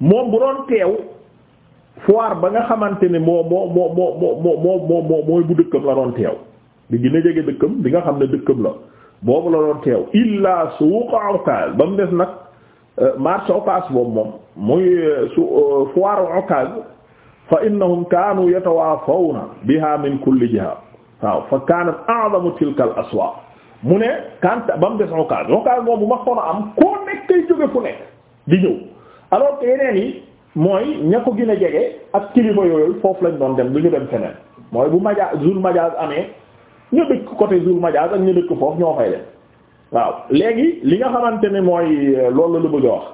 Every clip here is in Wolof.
moom bu doon teew foire ba nga xamante ne moo moo moo moo moo moo moo mooy bu dëkkam la doon teew bi gën jege dëkkam bi nga xam ne dëkkam la boobu la doon teew illa suuq Okaz ba mu des nag euh, marché Okaz boobu moom muy euh, su euh, foire Okaz fa innahum kaanu yatawaafawna biha min kulli jiha waaw fa kaanat a'zamu tilka al mu ne kanta ba mu des Okaz Okaz bu ma xon am koo nekk kay jóge fu nekk di ñëw alors que yeneen yi mooy ña ko gën a jege ak kilifa yooyu foofu lañ doon dem du ñu dem feneen mooy bu majaas zul majaas amee ñu dëkk côté zul majaas ak ñu dëkk foofu ñoo fay dem waaw léegi li nga xamante ne mooy euh, loolu la bëgg a wax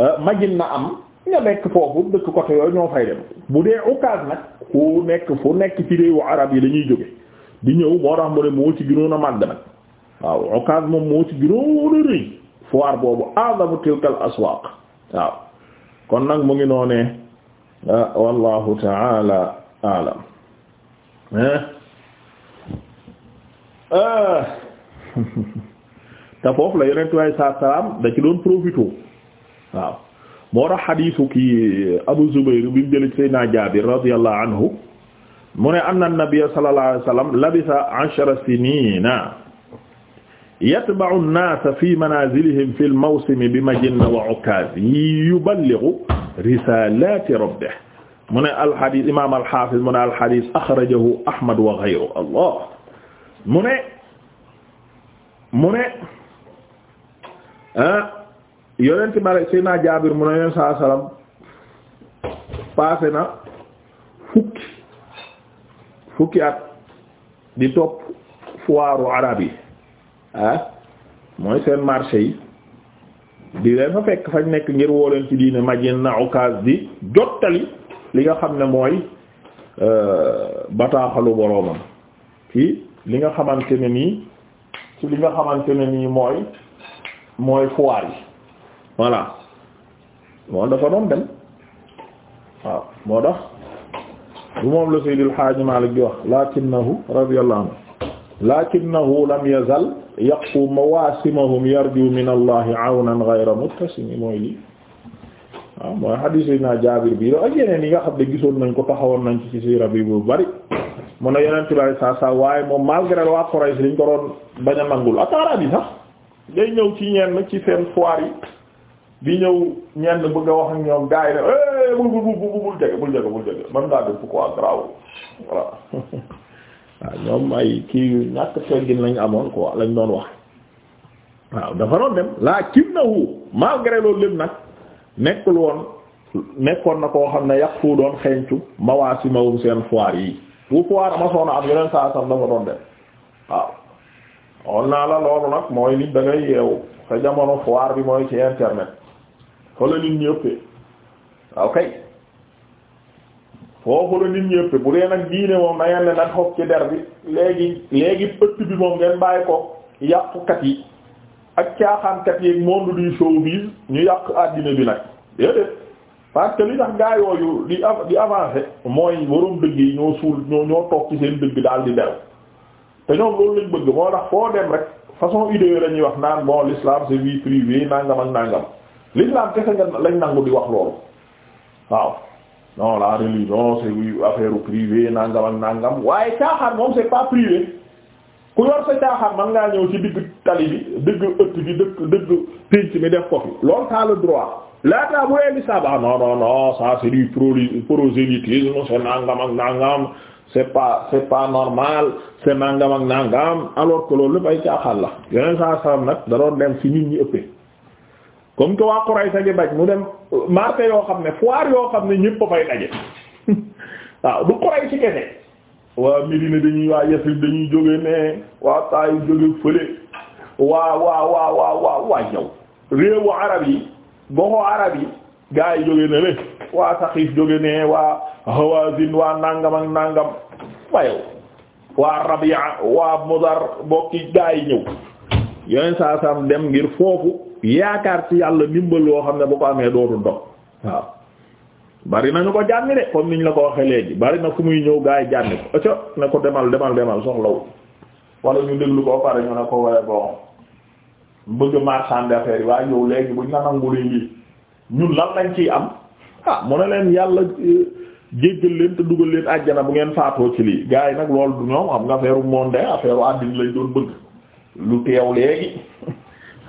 euh, majin na am nga nekk foofu dëkk côté yooyu ñoo fay dem bu dee Ukaas nag ku nekk fu nekk ci réewu arab yi dañuy jóge di ñëw moo tax mu ne moo ci gënoon a màgg nag waaw Ukaas moom moo ci gënoon rëy foire boobu azamu tilkal aswaq waaw kon nag mu ngi noone ah, wallahu taala alam eh? Eh? te foofu la yonentu waay saa salaam da ci doon profité moo tax xadiisu Abu Zubayr bi mu jëlee ci Seydina Jaabir radiyallahu anhu mu ne anna nabiyya sallallahu alayhi wa sallam labisa sinina yatba'u an-naasa fi manaazilihim fi al-mawsimi bi Majinna wa Ukaaz yuballighu risaalaati rabbih mu ne al-hadiis imaam al-haafiz mu ne al-hadiis axrajahu Ahmad wa ghayruhu Allah mu ne mu ne ah yonent bi Seydina Jaabir mu ne yonent saa salaam paase na fukki fukki at di topp foiru arab yi. ah mooy seen marché yi di leen fa fekk fañ nekk ngir woo leen ci diine majin na occasion di jottali li nga xam ne mooy euh, bataaxalu boroomam ci li nga xamante ne nii ci ne nii mooy mooy foire yi voilà moom dafa doon dem waaw moo tax bu moom la Seydil Haaji Maalik di wax lakinnahu radiyallahu anhu lakinnahu lam yazal yaqu mawasimahum yarju min allahi awnan ghayra muttasimi mooy lii waaw ah, mooy xadiis yi naa jaabir bii ak yeneen yi nga xam ne gisoon nañ ko taxawoon nañ ci siira bi bu bari mun na yeneen tibaari saa saa waaye moom malgré waa Quraysh liñ ko doon bañ a nangul ak araab yi sax day ñëw ci ñenn ci seen foire yi di ñëw ñenn bëgg a wax ak ñoom gaa yi ne eh, bul bul bul jege bul jege bul jege man ngaa def ko quoi graw voilà waaw ñoom ay kii yu ñàkk teggin lañu amoon quoi lañ doon wax waaw dafa doon dem lakinnahu malgré loolu lépp nag nekkul woon nekkoon na koo xam ne yàq fu doon xencu mawaasi mawum seen foire yi bu foire amasoon a am yeneen saa sax dafa doon dem waaw xool naa la loolu nag mooy nit da ngay yeewu sa jamono foire bi mooy ci internet fa la nit ñi ëppee waaw kay foofu la nit ñëpp bu dee nag diine moom na ngeen ne nag xob ci der bi léegi léegi pët bi moom ngeen bàyyi ko yàqukat yi ak caaxaankat yi monde du showbiz ñu yàq àddina bi nag déedéet parce que li tax gaa yooyu di avancé mooy waroon dëgg yi ñoo suul ñoo ñoo toog ci seen dëgg daal di beru te ñoom loolu lañ bëgg moo tax foo dem rek façon idée la ñuy wax naan bon l'islam c'est vie privée nangam ak nangam l'islam kese nga lañ nangu di wax loolu waaw non la religion c'est affaire privée nangam ak nangam waaye caaxaan moom c'est pas privé ku yor sa caaxaan man ngaa ñëw ci digg tali bi dëgg ëtt bi dëgg dëgg pénc mi def ko fi loolu t'as le droit laataa bu leen di saba ah, non non non ça c'est du prosélytisme c'est nangam ak nangam pas c'est pas normal c'est nangam ak nangam alors que loolu lépp ay caaxaan la yeneen saa saa nag da doon dem fi nit ñi ëppee. comme que waa Quraysh gi bañ mu dem marché yoo xam ne foire yoo xam ne ñëpp a fay daje waaw du Quraysh ci kese waa Médina dañuy waa dañuy jóge ne waa Taayif jóge ne waa Hawazin waa nangam nangam wayow waa Rabi'a waa Mudar bokki gaa yi ñëw yeneen saa sam dem ngir foofu yaakaar ci yàlla ndimbal yoo xam ne bu ko amee dootul dox waaw bari nañu ko jànni de comme niñ la ko waxee léegi bari na fu muy ñëw gaa yi jànni ko ëcca ne ko demal demal demal soxlawu wala ñu déglu ko pare ñu ne ko waaye bon bëgg marchand d'affaires yi waaye yow léegi buñ la nangu lii ñun lan lañ ciy am ah mu ne leen yàlla euh, jéggal leen te dugal leen àjjana bu ngeen faatoo ci lii gars yi nag loolu du ñoom xam nga affaire monde affaire àddina lañ doon bëgg lu teew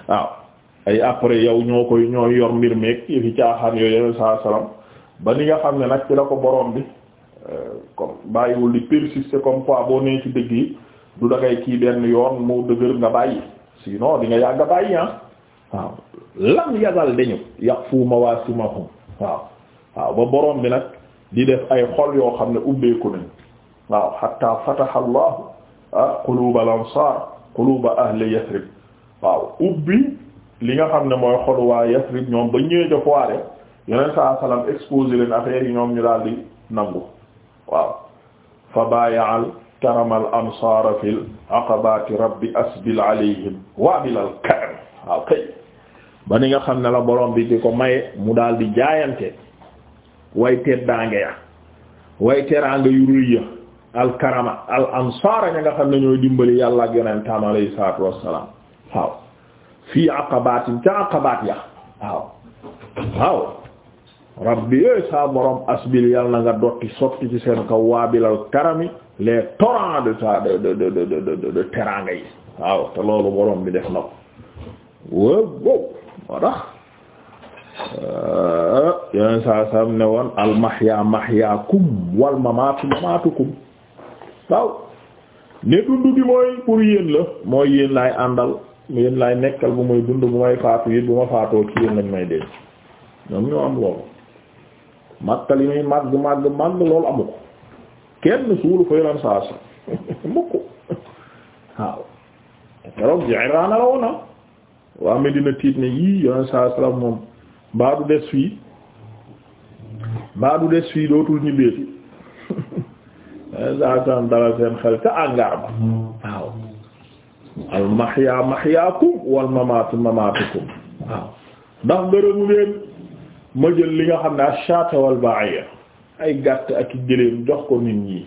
ay après yow ñoo koy ñoo yor mbir meeg yëfi caaxaan yooyu yeneen saa salaam ba ni nga xam ne nag ci la ko borom bi euh, comme bàyyiwul di persister comme quoi boo nee ci dëgg yi du dangay kii benn yoon mu dëgër nga bàyyi sinon di nga yàgg a bàyyi ah waaw lam yazal dañu yàq fu mawasimahum waaw waaw ba borom bi nag di def ay xol yoo xam ne ubbeeku nañ waaw hatta fataha Allahu ah, quluba al-ansar quluba ahli yathrib waaw ubbi. li nga xam ne mooy xolu waa Yasrib ñoom ba ñëwee ca foire yeneen saa salaam exposé leen affaire yi ñoom ñu daal di nangu waaw fa baayaal karamal ansaara fil rabbi asbil alayhim waabilal karam waaw kay nga xam ne la borom bi ko maye mu daal di jaayante yu rëy ya xam ne ñooy dimbali yàlla ak yonentam alayhi salaatu wassalaam waaw fii aqabaatin ca aqabaat ya waaw waaw rabbi yooyu eh, saa borom asbil yal na nga dotti sotti ci seen kaw waabilal karami les torrents de sa de de de de de teraanga yi waaw te loolu borom bi def na ko wow moo tax eh, yooyu saa saam ne woon al mahya mahyaakum wal mamaatu mamaatukum waaw ne dundu gi mooy pour yéen la mooy yéen laay àndal yéen laay nekkal bu may dund bu may faatu yit bu ma faatoo ci yéen lañ may denc ñoom ñoo am loolu màkka li muy màgg màgg màgg loolu amu ko kenn suulu fa yonen saa sa mukk waaw keroog Ji'raana la woona ah. waa Medina tiit ne yii yonen saa sa moom baadu des fii baadu des fii dootul ñibbeeti yonen saa sa dalal seen xel ca àngaar ba al mahya mahyaakum wal mamaatu mamaatukum waaw ndax ngërëmu leen ma jël li nga xam ne ash-shaata wal ba'iya ay gàtt ak gëléem jox ko nit ñi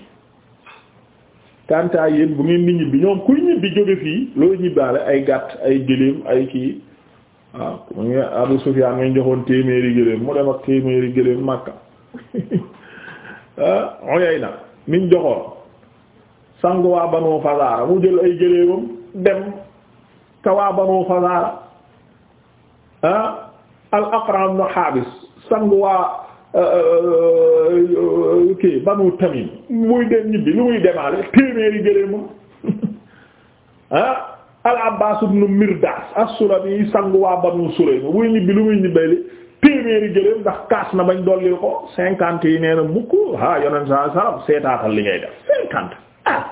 kantaa yéen bu ngeen di ñibbi ñoom kuy ñibbi jóge fii loo ñibbaale ay gàtt ay gëléem ay kii waaw mu ngi Abu Sufyaan nga joxoon téeméeri gëléem mu dem ak téeméeri gëléem Makka ah oyay na joxoon sangu waa mu jël ay gëléemam dem ka waa Banu Fazaara ah, al Aqra' ibn Haabis sang eh, eh, Banu Tamim muy dem ñibbi lu muy demaale téeméeri gëléem ah, al Abbaas ibn Mirdaas as-Sulami sang waa Banu Sulaym muy ñibbi lu muy ñibbeeli téeméeri gëléem ndax kaas na bañ dollil ko cinquante yi nee na mukk ah yoneen sa salam seetaatal li ngay def cinquante ah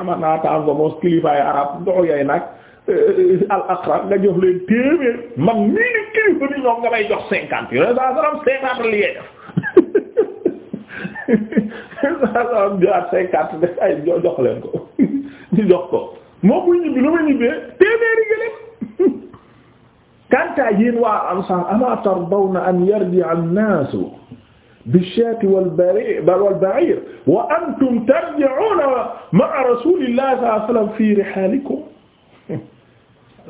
ama naataango moos kilifaay arab ndoxu yay eh, eh, eh, al aqra nga jox leen téeméer man mii ni kilifa ni jox cinquante yo sa salam cinquante li ngay def jox leen ko jox ko moo buy ñibbi lu ma ñibbee téeméeri gëléem kanta yéen waa am sax ama an yarji an bish-shaati wal-ba'iir wa antum tarji'uuna ma'a rasuulillaahi sallallaahu alayhi wa sallam fii rihaalikum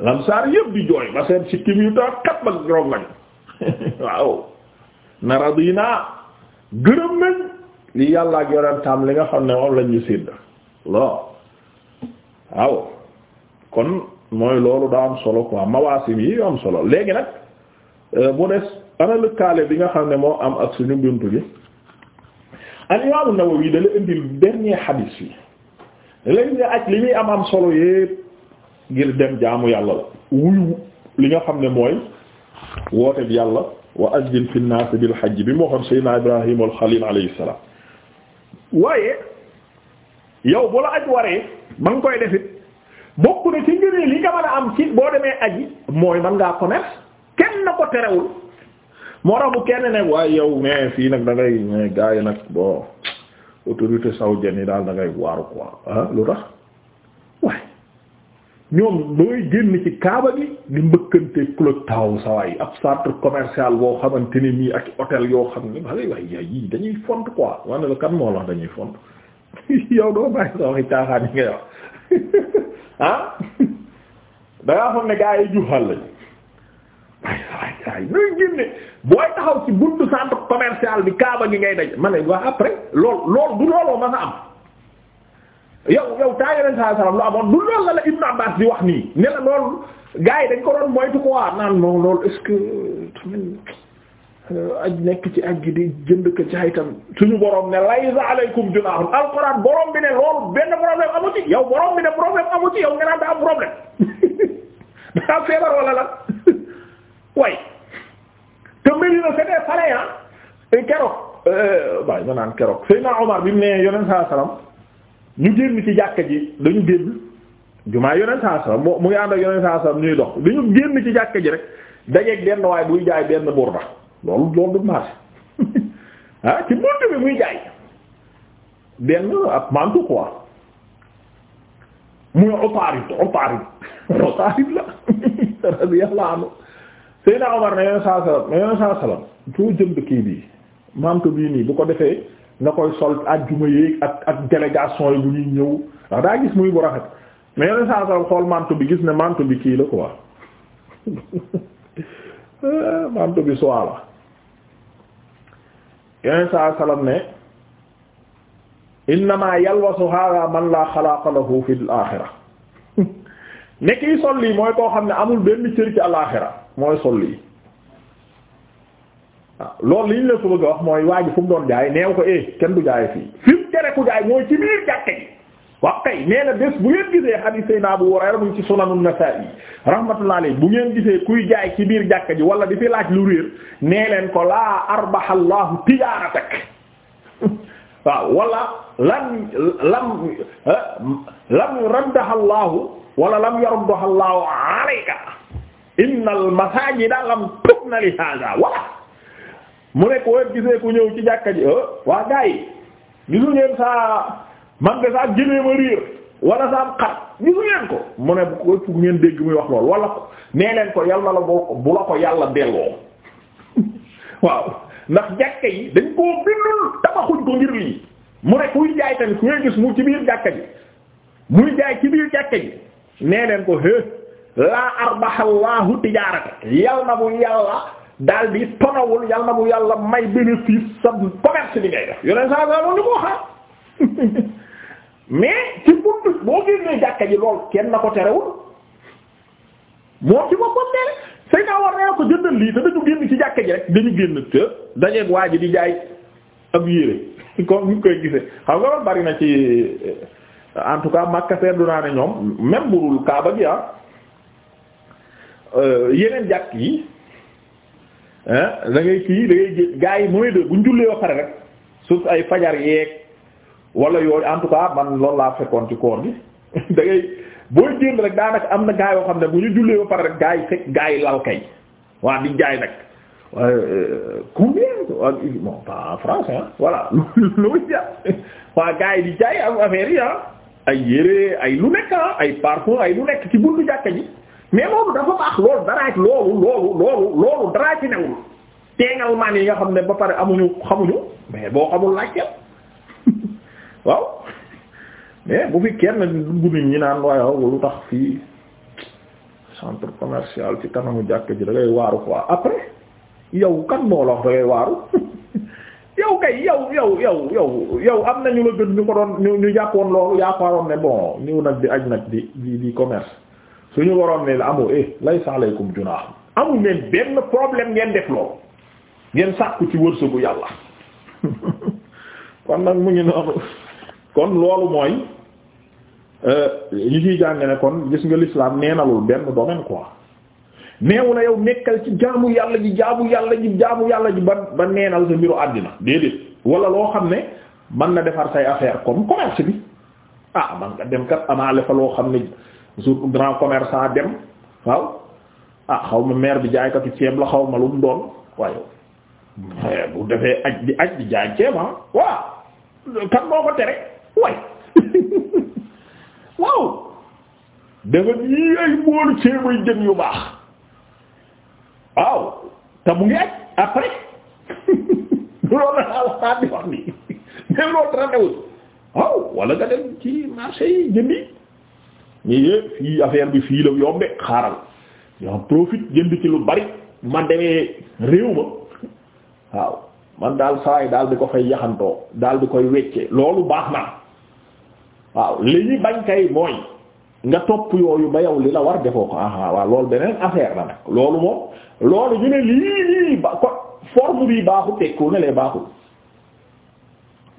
lamsaar yëpp di jooy ba yu taa kat ba roog lañ na radiinaa gërëm li yàlla ak yonentam li nga xam ne moom lañ ñu sédd loo kon mooy loolu daa am solo quoi mawaasim yi am solo léegi nag euh, mu ana lëkkaale bi nga xam ne moo am ak suñu buntu bi al imam an dala indil dernier hadith bi léegi am am solo yépp ngir dem jaamu yàlla la wuyu li nga xam ne mooy woote yàlla wa ajjil waaye yow bu aj waree ba koy defit bokk na ci ngëneel li nga mën a am ci boo demee aji mooy man ngaa commerce kenn ko terewul moo tax bu kenn ne waaye yow mais fii nag da ngay mais yi nag bon autorité saoudienne yi daal da ngay waaru quoi ah lu tax waaye ñoom dooy génn ci kaaba gi di mbëkkante clock taw sawaay ab centre commercial boo xamante ne nii ak hôtel yoo xam ne waay waay yaay yii dañuy font quoi wane la kan moo wax dañuy font yow doo bàyyi sa caaxaan yi ngay wax ah dangaa xam ne gars yi juxal lañ waaye sawaay sawaay nooy génne misaal bi kaaba gi ngay daj ma ne waa après lool lool du looloo mën a am yow amoon du lool la yi dañ ko euh, nekk ci aj gi di jënd ko suñu borom ne laysa alaykum junaahun bi ne loolu benn problème amu ci yow borom bi ne problème amu ci yow nga naan daa am problème daa feebar wala la way te Medina c'était pareil keroog euh, waaye ma naan keroog Seydina Omar bi mu nee yonent saa ñu génn ci jàkka ji dañu génn jumaa yonent saa mu ngi ànd ak yonent ñuy dox dañu génn ci jàkka ji rek dajeeg benn waaye buy jaay benn burda loolu loolu du marché ah ci buntu bi muy jaay benn ab mantu quoi muy otaarib otaarib otaarib la radiyallahu anhu Seydina Omar ne yonent saa kii bi. manto bii nii bu ko defee nga koy sol ajjuma yéeg ak ak délégation yi bu ñuy ñëw ndax daa gis muy bu rafet mais yeneen saa saa xool manto bi gis ne manto bi kii la quoi manto bi soie la yeneen saa salam ne innama yalwasu hada man laa xalaqa lahu fi al-axira nekk yi sol lii mooy koo xam ne amul benn cër al-axira mooy sol lii waaw lii li ñu la a wax mooy waa ji doon jaay neew ko eh kenn du jaay fii fi mu tere ku jaay mooy ci jàkke ji wax kay nee na bés bu ngeen gisee hadith Seydina Abu Hurayra mu ci Sunan an-Nasa'i rahmatullahi alayhi bu ngeen gisee kuy jaay ci biir jàkke ji wala di fi laaj lu réer nee leen ko laa arbaha Allahu tijaaratak waaw wala lam lam eh, lam raddaha Allahu wala lam yaruddaha Allahu alayka innal masaajida lam tubna li haaza mu ne ko gisee ku ñëw ci jàkka ji oh, waa gaa yi gisu ngeen saa man saa jëlee ma riir wala saa am xar gisu ngeen ko mu ne bu ko ëpp ngeen dégg muy wax lool wala ko nee leen ko yàlla la boo bu la ko yàlla delloo waaw ndax jàkka yi dañ koo bindul tabaxuñ ko ngir lii mu ne kuy jaay tamit ku ngay gis mu ci biir jàkka ji muy jaay ci biir jàkka ji nee leen ko hé laa arbaxallaahu tijaarata yal na bu yàlla daal di tonawul yàlla na bu yàlla may bénéfice sa commerce bi ngay def yoneen saa saa loolu li ko xaar mais ci buntu boo génnee jàkka ji lool kenn na ko terewul moo ci boppam tere sëy naa war na ko jëndal lii te dañu génn ci jàkka ji rek dañu génn te dajeeg waa ji di jaay ab yére comme ñu koy gisee xam nga loolu bari na ci en tout cas Makka seetlu naa ne ñoom même Kaaba gi ah euh, yeneen jàkk yi da ngay kii da ngay gé gars yi mooy de buñ jullee ba pare rek suuf ay fajar yeeg wala yooyu en tout cas man lool laa fekkoon ci koor gi da booy génn rek daanaka am na gaa yoo xam ne bu ñu jullee ba pare rek gaa yi fekk gaa yi lal kay waa di jaay nag euh, combien bon pas en France hein voilà loolu ja waa gaa di jaay am affaire yi ay yére ay lu nekk ah ay parfum ay lu nekk ci buntu jàkka ji mais loolu dafa baax loolu daraaj loolu loolu loolu loolu daraaj ci newul teengal man yi nga xam ne ba pare amuñu xamuñu mais boo xamul laajteel waaw mais bu fi kenn dugg ñi naan waaye lu tax fii centre commercial ci kanamu jàkk ji da ngay waaru quoi après yow kan moo la wax da waaru yow kay yow yow yow yow yow am na ñu la gën ñu ko doon ñu ñu jàppoon loolu yaakaaroon ne bon ñëw nag di aj nag di di commerce suñu waroon ne la amul eh laysa alaykum junah amul leen benn problème ngeen def loolu ngeen sàkku ci wërsëgu yàlla kon nag mu ngi noonu kon loolu mooy ñu euh, ciy jàng ne kon gis nga l'islam neenalul benn domaine quoi neewu na yow nekkal ci jaamu yàlla ji jaamu yàlla ji jaamu yàlla ji ba ba neenal sa mbiru àddina déedéet wala loo xam ne mën na defar say affaire comme commerce bi ah man nga dem kat amaale fa loo xam ne jour grand commerçant dem waaw ah xaw ma maire bi jaaykatu ceeb la xaw ma lu mu doon waaye eh, bu defee aj di aj di jaay ceeb ah, waaw kan moo ko tere way waaw dafa yii ay boolu ceebuy jën yu baax waaw te mu ngi aj après loolu la wax nii mais loolu dara waaw wala nga dem ci marché yi jëndi ñii fii affaire bi fii la yombe xaaral yow profite jënd ci lu bari ma demee réew ma waaw man daal saay daal di ko fay yaxantoo daal di koy wecce loolu baax na waaw li ñu bañ kay mooy nga topp yooyu ba yow li la war defoo ko aha waaw loolu beneen affaire la nag loolu moom loolu ñu ne lii lii ba ko forme bi baaxul tekku ne lee baaxul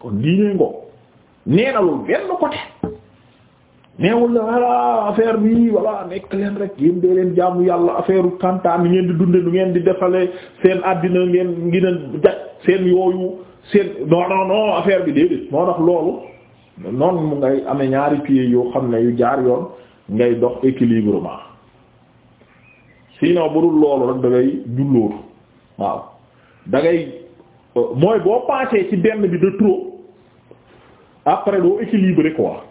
kon diinee ngoo nee na lu benn côté neewul na voilà affaire bi voilà nekk leen rek yéen dee leen jàmm yàlla affaire kantaan ni ngeen di dunde nu ngeen di defale seen àddina ngeen ngina jag seen yooyu seen non non non affaire bi déedéet moo tax loolu noonu mu ngay amee ñaari pieds yoo xam ne yu jaar yoon ngay dox équilibrement sinon bu dul loolu rek da ngay waaw da euh, mooy boo passé ci benn bi de trop après doo équilibré quoi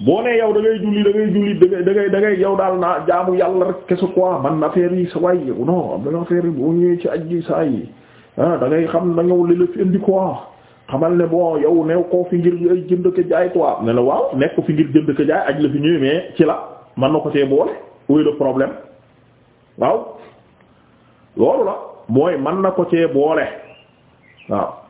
boo nee yow da ngay julli da ngay julli da ngay da ngay da ngay yow daal naa jaamu yàlla rek kese quoi man affaire yi sa waay non am na affaire yi boo ñëwee ci aji saa yi ah da ngay xam na ñëw li la fi indi quoi xamal ne bon yow new koo fi ngir jënd ko jaay quoi ne la waaw nekk fi ngir jënd ko jaay aj la fi ñëwee mais ci la man na ko see boole oui problème waaw loolu la mooy man na ko cee boole waaw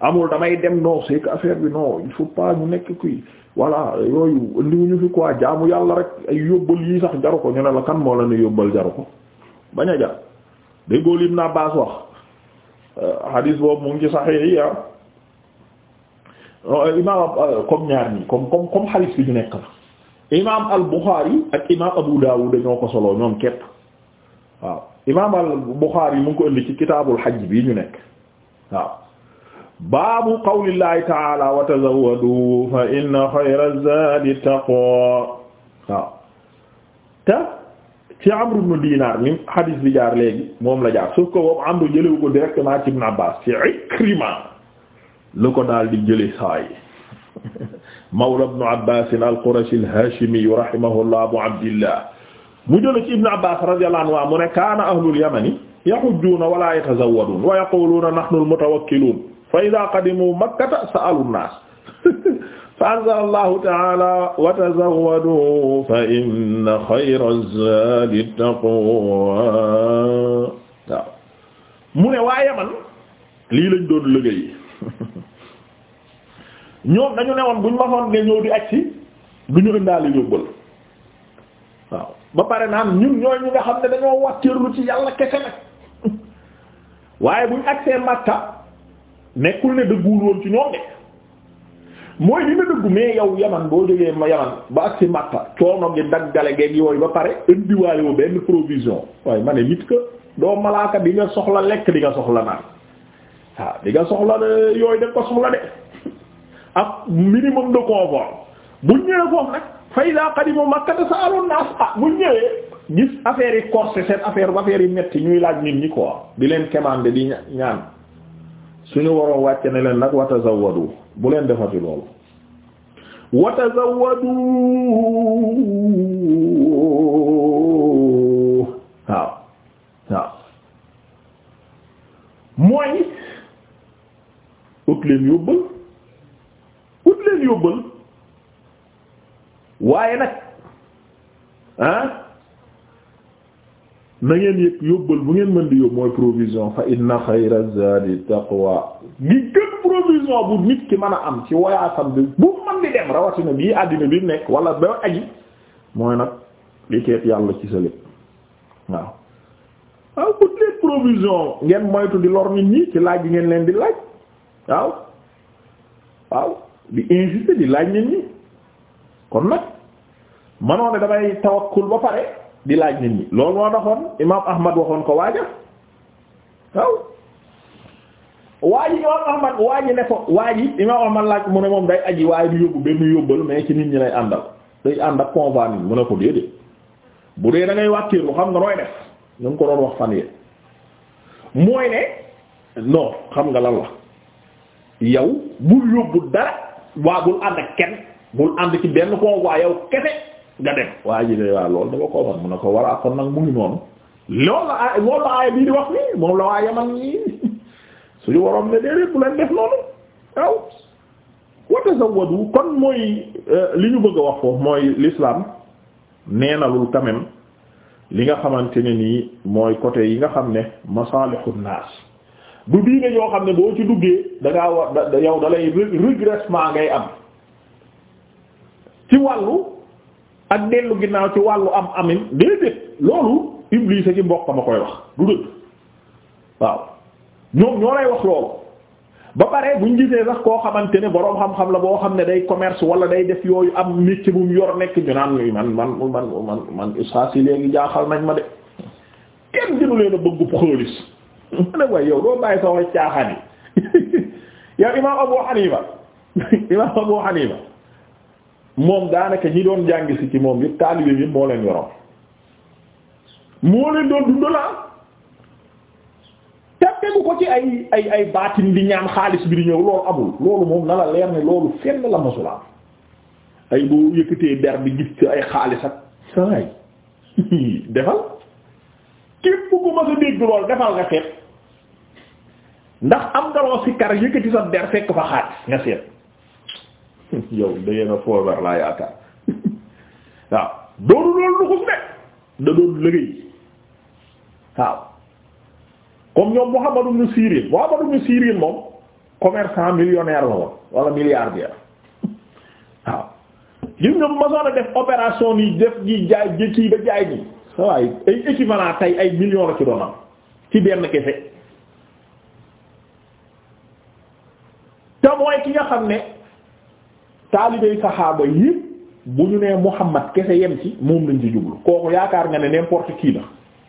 amul damay dem non c'est que bi non il faut pas ñu nekk kuy voilà yooyu ndiwuñu fi quoi jaamu yàlla rek ay yóbbal yii sax jaru ko ñu ne la kan moo la ne yóbbal jaru ko bañ a jar déggoo lim naa euh, mu ngi ci ah. euh, euh, ñaar ñi ñu nekk la imaam al Bukhari ak imaam Abu Dawud dañoo ko soloo ñoom képp waaw imaam al Bukhari mu ngi ko indi ci kitaabul hajj bi ñu nekk waaw. baabu qawlillahi taala wa tazawwadu fa inna xayra zaadi taqwa waaw te ci Amr ibn Dinar mi hadis bi jaar léegi moom la jaar sauf que boobu Amr jëlewu ko directement ci Ibn Abbas ci Ikrima lu ko daal di jële saay mawla Ibn Abbas al-Qurashi al-Hashimi rahimahullah Abu Abdillah mu jële ci Ibn Abbas radiyallahu anhu mu ne kaana ahlul yamani yahujjuuna wa laa yatazawwaduun wa yaquuluuna nahnu al-mutawakkiluun fa idaa qadimu makkata sa'alu nnaas fa anzala allahu ta'ala wa tazawwadu fa inna xayra zaadi taqwa waaw mu ne waaye Yaman lii lañ doon liggéey ñoom dañu ne woon buñ masoon ne ñëw di aj si du ñu indaale yóbbal waaw ba pare naan ñun ñooy ñi nga xam ne dañoo wàcceerlu ci yàlla kese nag waaye buñ agsee Makka nekkul ne dëgguwul woon ci ñoom de mooy dina dëggu mais yow yaman boo jógee ma yaman ba ak si màtta coono gi daggale geeg yooyu ba pare indiwaale wu benn waaye ma ne nit que doo malaaka di nga soxla lekk di nga soxla naan waaw di nga soxla euh, yooyu danga ko soxla de ak minimum de confort bu ñëwee foofu nag fay daa qadima Makkata sa'alun naas ah bu ñëwee gis affaire yi corsé seen affaire ba affaire yi metti ñuy laaj nit ñi quoi di leen commander di ñaan suñu waroo wàcce ne leen nag watazawadu bu leen defati loolu watazawadu waaw waaw mooy ut leen yóbbal ut leen yóbbal waaye nag ah na ngeen yëg yóbbal bu ngeen mën di yóbbu mooy provision fa inna xayra zadi taqwa gi gën provision bu nit ki mën a am ci wayaasam bi bu mën di dem rawatina bii àddina bi nekk wala ba aji mooy nag li teet yàlla ci sa lépp waaw waaw bu leen provision ngeen moytu di lor nit ñi ci laaj gi ngeen leen di laaj waaw waaw di insister di laaj nit ñi kon nag manoon ne damay tawakkul ba pare di laaj nit ñi loolu moo taxoon imaam Ahmad waxoon ko waaja waaw waaji imaam Ahmad waaji ne ko waaji imaam Ahmad laaj mu ne moom day aji waaye du yóbbu benn yóbbal mais ci nit ñi lay àndal day ànd ak convoi nit mu ne ko déedéet bu dee da ngay wàkkiirlu xam nga nooy def ñu ngi ko doon wax fan yéen mooy ne non xam nga lan la yow bul yóbbu dara waa bul ànd kenn bul ànd ci benn convoi yow kese nga dem waa ji de waa loolu dama koo mun na ko war a kon nag mu ngi noonu loolu la aay loolu la aay bii di wax nii moom la waa yaman ñi suñu waroon ne déedéet bu leen def noonu waaw wata sa wadu kon mooy euh, li ñu bëgg a wax ko mooy lislaam neenalul quand li nga xamante ne nii mooy côté yi nga xam ne masalihu naas du diine yoo xam ne boo ci duggee da ngaa yow da lay regressement ngay am ci wàllu ak dellu ginnaaw ci wàllu am amin déedéet loolu Iblis ci mbokk ma koy wax du dëgg waaw ñoom ñoo lay wax loolu ba pare buñ gisee sax koo xamante ne boroom xam-xam la boo xam ne day commerce wala day def yooyu am métier bu mu yor nekk ñu naan man man man man man saa si léegi jaaxal nañ ma de kenn gënu leen a bëgg xaalis ma ne waaye yow doo bàyyi sa wax caaxaan yi yow imaam Abu Hanifa imaam Abu Hanifa moom daanaka ñi doon jàngi si ci moom yëpp taalibe bi moo leen yoroon moo leen doon dundalaa ah. te tegu ko ci ay ay baatin di ñaan xaalis bi di ñëw loolu amul loolu moom na la leer ne loolu fenn la masulaam ay boo yëkkatee der bi gis ci ay xaalis ak saay defal képp ku ma sa dégg lool defal nga seet ndax am nga loo sikkar yëkkati sa der fekk fa xaalis nga seet yow dangeen a foobar laa yaakaar waaw doonu loolu luxus ne da doon liggéey waaw comme ñoom Muhammad ibn Sirin Muhammad ibn Sirin moom commerçant millionnaire la woon wala milliardaire waaw gis nga ma soxla def opération ni def gi jaay jëkkii ba jaay ji waaye ay équivalent tey ay millions la ci doon am ci benn kese te ki nga xam ne taalibey saxaaba yi bu ñu nee Muhammad kese yem ci moom lañ ci jublu kooku yaakaar nga ne n'importe qui la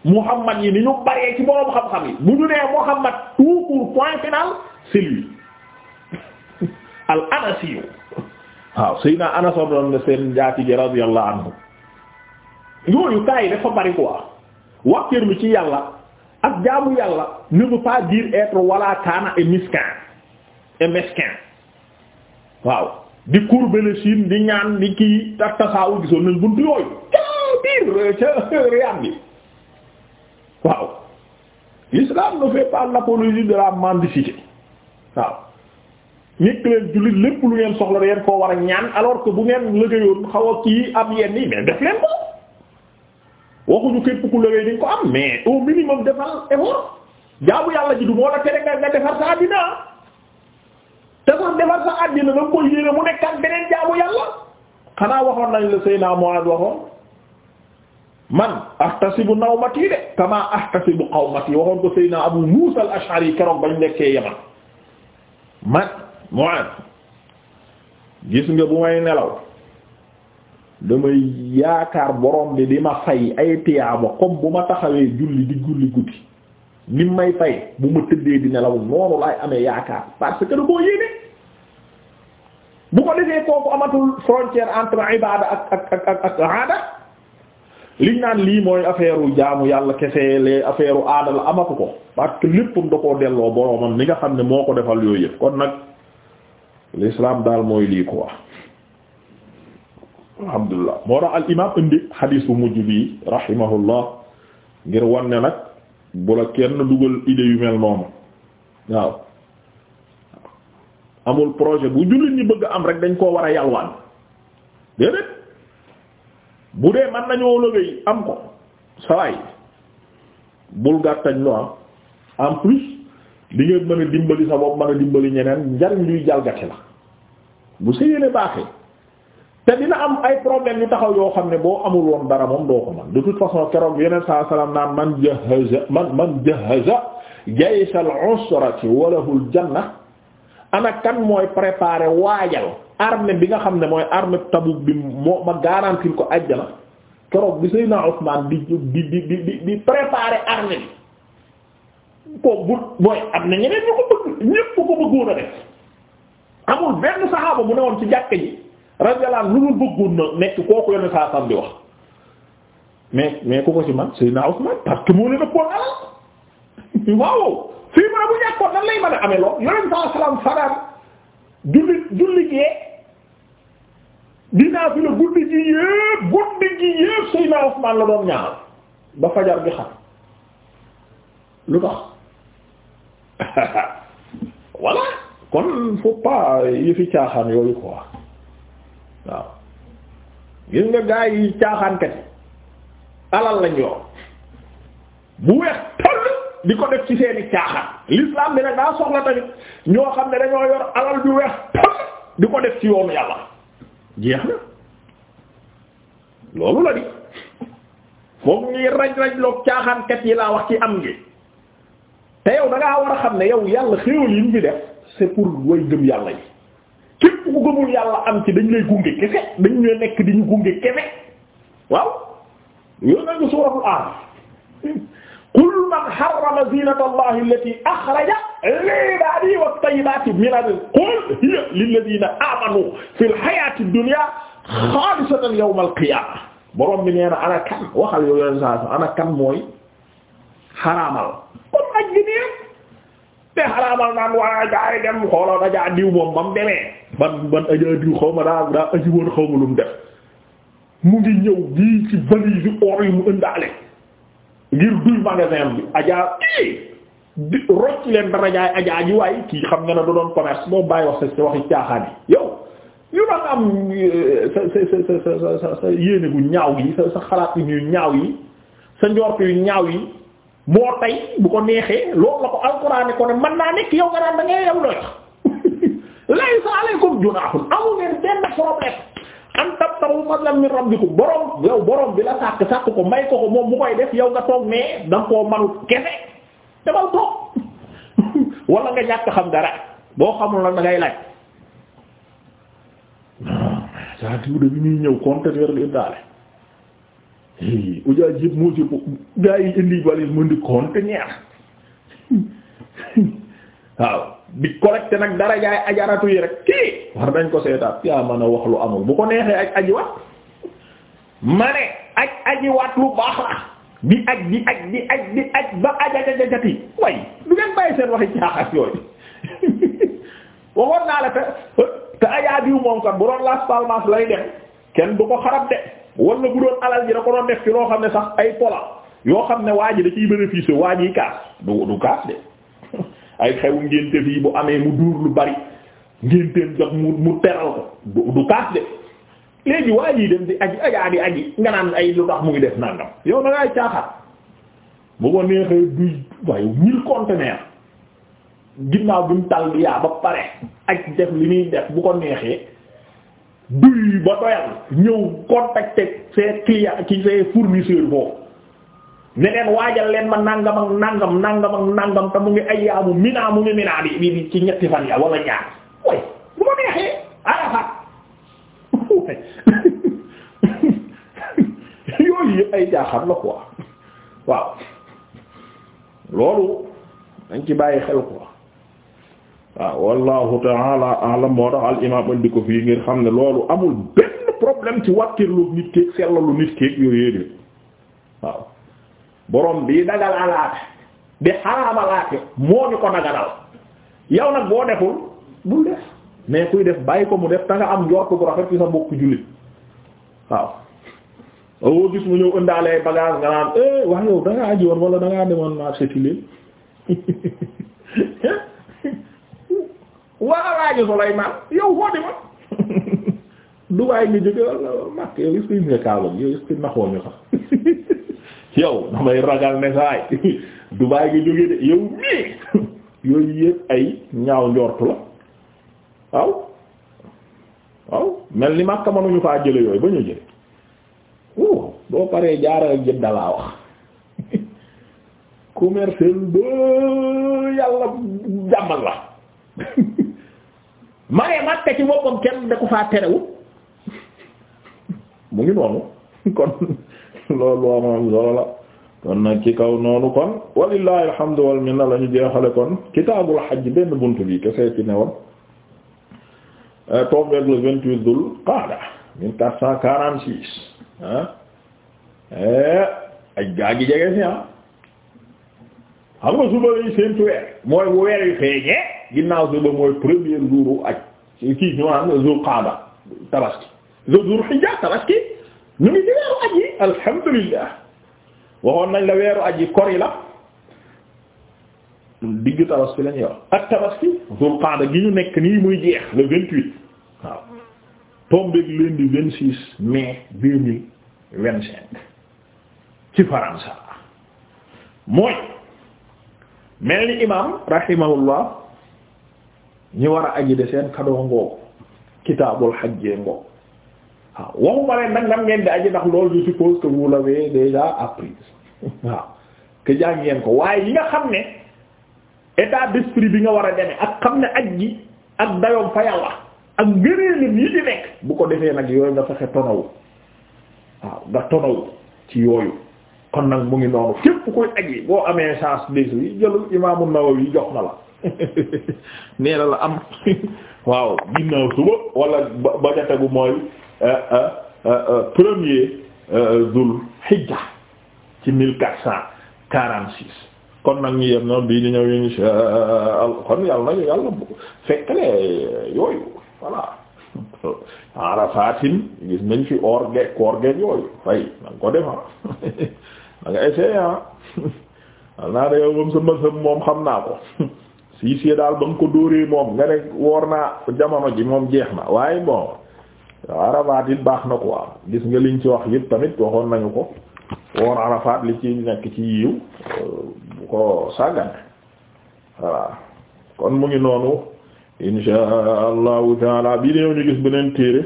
Muhammad yi ni ñu baree ci boroom xam-xam yi bu ñu nee Muhammad tout pour point final c'est lui al anasi waaw Seydina Anas doon na seen jaati ji radiyallahu anhu yooyu kaa dafa bari quoi wàkkeer mi ci yàlla ak jaamu yàlla ne pas dire être wala kaana et mesquin waaw di courber l'échine di ñaan di kii ak tasaawu gisoon nañ buntu yooyu ca biir ca bi waaw l'islam ne fait pas l'apologie de la mendicité waaw nekk leen jullit lépp lu ngeen soxla yeen koo war a ñaan alors que bu ngeen liggéeyoon xaw a kii am yenn yi mais def leen ko waxuñu képp ku liggéey dañ ko am mais au minimum defal effort jaabu yàlla ji du moo la tere nga nga defar sa àddina te sax defar sa àddina da nga koy yéene mu nekkaat beneen jaamu yàlla xanaa waxoon nañ la Seydina Muaad waxoon man ahtasibu nawmati de kama ahtasibu qawmati waxoon ko Seydina Abu Muusa al-Ash'ari keroog bañ nekkee Yaman man Muaad gis nga bu may nelaw damay yaakaar borom bi di ma fay ay tiyaaba comme bu ma taxawee julli di julli guddi ni may fay bu ma tëddee di nelaw noonu laay amee yaakaar parce que da koo yéene bu ko defee kooku amatul frontière entre ibada ak ak ak ak ak aada liñ naan lii mooy affaire jaamu yàlla kese lee affaire aada la amatu ko parce que lépp da koo delloo boroomam li nga xam ne moo ko defal yooyu yëpp kon nag l'islam daal mooy lii quoi alhamdulilah moo tax al imam indi xadiis bu mujj bi rahimahullah ngir wan ne nag bu la kenn dugal idée yu mel noonu waaw amul projet bu jullit ñi bëgg am rek dañ koo war a yalwaan déedéet bu dee mën nañoo lëgëy am ko sawaay bul gàttañ lu am en plus li ngeen mën a dimbali sa bopp mën dimbali ñeneen njariñ luy jalgati la bu sa yéene baaxee te dina am ay problème yu taxaw yoo xam ne boo amul woon dara moom doo ko man de toute façon keroog yeneen saa salaam naan man jahaza man man jahaza jaysal usrati wa lahul janna ana kan mooy préparer waajal armée bi nga xam ne mooy armée Tabuk bi moo ma garantir ko àjjana keroog bi Seydina Ousmane di di di di di préparer armée bi ko bu mooy am na ñeneen ñu ko bëgg ñépp ko bëggoon def amul benn saxaaba bu ne ci jàkka ji radiyallahu lu mu bëggoon na nekk kooku yone saa sam wax mais mais ku ko ci man Seydina Ousmane parce que moo leen ëppoon alal waaw fii mu ne bu ñàkkoon nan lay mën a amee lool yonent saa fanaan julli julli gee dinaa fi la guddi gi yépp guddi gi yépp Seydina Usmaan la doon ñaanal ba fajar bi xam lu tax voilà kon faut pas yëfi caaxaan yooyu quoi waaw gis nga gaa yi caaxaankat yi alal lañ yor bu weex tal di ko def ci seeni caaxaan am bi nag daa soxla tamit ñoo xam ne dañoo yor alal ju weex di ko def ci yoonu yàlla jeex na loolu la di foog ngi raj raj loog caaxaankat yi laa wax ci am ngi te yow da war a xam ne yow yàlla xéewal yi mu fi def c'est pour way gëm yàlla yi képp ku gëmul yàlla am ci dañ lay gunge kese dañ lay nekk di ñu gunge kese waaw yow nañu suuratul Aarif qul man harrama zinata allahi allati akhraja li'ibaadihi wat-tayyibati min al-qul hiya lilladhina amanu fil hayati dunya khalisatan yawmal qiyamah borom bi nee na ana kan waxal yow yow saa ana kan mooy xaraamal kon aj bi nii te xaraamal naan waa jaay dem xoolal ajaa diw moom ba mu demee ban ban ajaa diw xaw ma daa daa aji woon xaw ma lu mu def mu ngi ñëw bii ci valise or yi mu ëndaale ngir duy magasin bi ajaa di rocc leen dara ajaa ji waaye kii xam nga ne da doon commerce boo bàyyi wax sa waxi caaxaan yi yow yu ma am euh, sa sa sa sa sa yéene gu ñaaw yi sa sa xalaat yu ñaaw yi sa njort yu ñaaw yi moo tay bu ko neexee loolu la ko alxuraan ko ne mën naa nekk yow nga daan da ngay yow looy wax laysa alaykum junahun amu ngeen benn problème am tabtaru fadlan min rabbikum borom yow borom bi la sàkk sàkk ko may ko ko moom mu koy def yaw nga toog mais da nga koo manut kese demal toog wala nga ñàkk xam dara boo xamul nag da ngay laaj. saa diw de bi muy ñëw conteneur li indaale ujaay waaw di collecté nag dara jaay ajaratu yi rek kii war dañ ko seetaat yaa mën a wax lu amul bu ko neexee ak aji wat ma ne ak aji wat lu baax la di aj di aj di aj di aj ba ajajajajati way du ngeen bàyyi seen waxi caaxas yooyu waxoon naa la te te ajaa diw moom kat bu doon Las Palmas lay dem kenn du ko xarab de na bu doon alal ji da ko doon def ci loo xam ne sax ay pola yoo xam ne waa ji da ciy bénéficier waa ji kaas du du kaas de ay xewu ngénte fii bu amee mu duur lu bari ngénteem jox mu mu teral ko du kaas de léegi waa jii dem di aji ajaa di aji nga naan ay lu tax mu ngi def nangam yow na ngay caaxaar bu ko neexee duy waaye mille conteneurs ginnaaw bi mu tal bi yaa ba pare ak def li muy def bu ko neexee duy ba doyal ñëw contacter ses clients ki ses fournisseurs boobu ne leen waajal leen ma nangam ak nangam nangam ak nangam mu ngi ay minaa mu ngi minaa bi ci ñetti fan ya wala ñaar way bu ma neexee Arafat yooyu yëpp ay jaaxal la quoi waaw loolu dañ ci bàyyi xel quoi waaw wallahu ta'ala a'lam moo tax al imam andi ko fii ngir xam ne loolu amul benn problème ci wàkkirlu nit keeg sellalu nit keeg yooyu yéedé waaw borom bii dagal alaate di xaraam alaate moo ñu ko daganal yow nag boo deful bul def mais kuy def bàyyi ko mu def ta am njort bu rafet ci sa mbokku jullit waaw woo gis mu ñëw ëndaale ay nga naan eh wax yow da ngaa aji woon wala da ngaa demoon marché Tilène waaw rajo Souleymane yow woo ma Dubaay mi jóge wala Makka yow est-ce que nga yow est-ce que naxoo sax. yow damay ragal ne saay Dubaay gi jóge de yow mii yooyu yëpp ay ñaaw njortu la waaw waaw mel ni Makka mënuñu faa jële yooyu ba ñu jële o boo paree jaaral ak Jedda laa wax commercial ba yàlla jàmmal la maree Makka ci boppam kenn da ko faa terewul mu ngi noonu kon loolu lu am solo kon nag ci kaw noonu kon walillahi alhamdu wal minna la ñu jeexale kon kitaabul hajj benn buntu bi kese ci ne woon euh, toog vingt-huit dul qaada mille cent quarante-six ah ay gaa gi jege si ah xam nga suba lañu seentu weer mooy premier jour ak kii ñu naan qaada tabaski zul hijja tabaski ñu ngi ci weeru aj yi alhamdulillah waxoon nañ la weeru aj yi kori la digg tabaski lañu yor ak tabaski Dul Qaada gi ñu nekk nii muy jeex le vingt-huit waaw tombeeg lundi vingt-six mai ci faransa mooy mel ni imaam rahimahullah ñi war a aji de seen kadoo ngoogu kitaabul xajjee ngoogu waaw waxuma leen nag nan ngeen di aji ndax loolu je suppose que vous l'avez déjà appris waaw que jàng ngeen ko waaye yi nga xam ne état d'esprit bi nga war a demee ak xam ne aj gi ak dayoom fa yàlla ak ngëneelam yi di nekk bu ko defee nag yooyu nga fexe tonawu waaw nga tonawu ci yooyu kon nag mu ngi noonu képp koy aji boo amee chance des yi jëlul imaamu Nawawi jox na la nee na la am waaw ginnaaw suba wala ba ba Euh, euh, euh, premier Dul Hijja ci mille quatre cent quarante six kon nag ñu yem noonu bii di ñëw insha Allah kon yàlla nañu yàlla fekkale yooyu voilà Arafatin gis nañ fi or ge yooyu fay na ko defar da nga essayé ah. naa dayow moom sa masam moom xam naa ko sii sie daal ba nga ko dóoree moom nga ne woor naa jamono ji moom jeex na waaye bon arafaat it baax na quoi gis nga liñ ci wax yëpp tamit waxoon nañu ko woon arafaat li ci nekk ci yiw euh, bu ko sàggane voilà kon mu ngi noonu inshaa allahu taala bii néew ñu gis beneen téere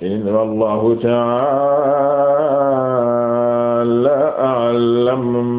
inshaa allahu taala a'lam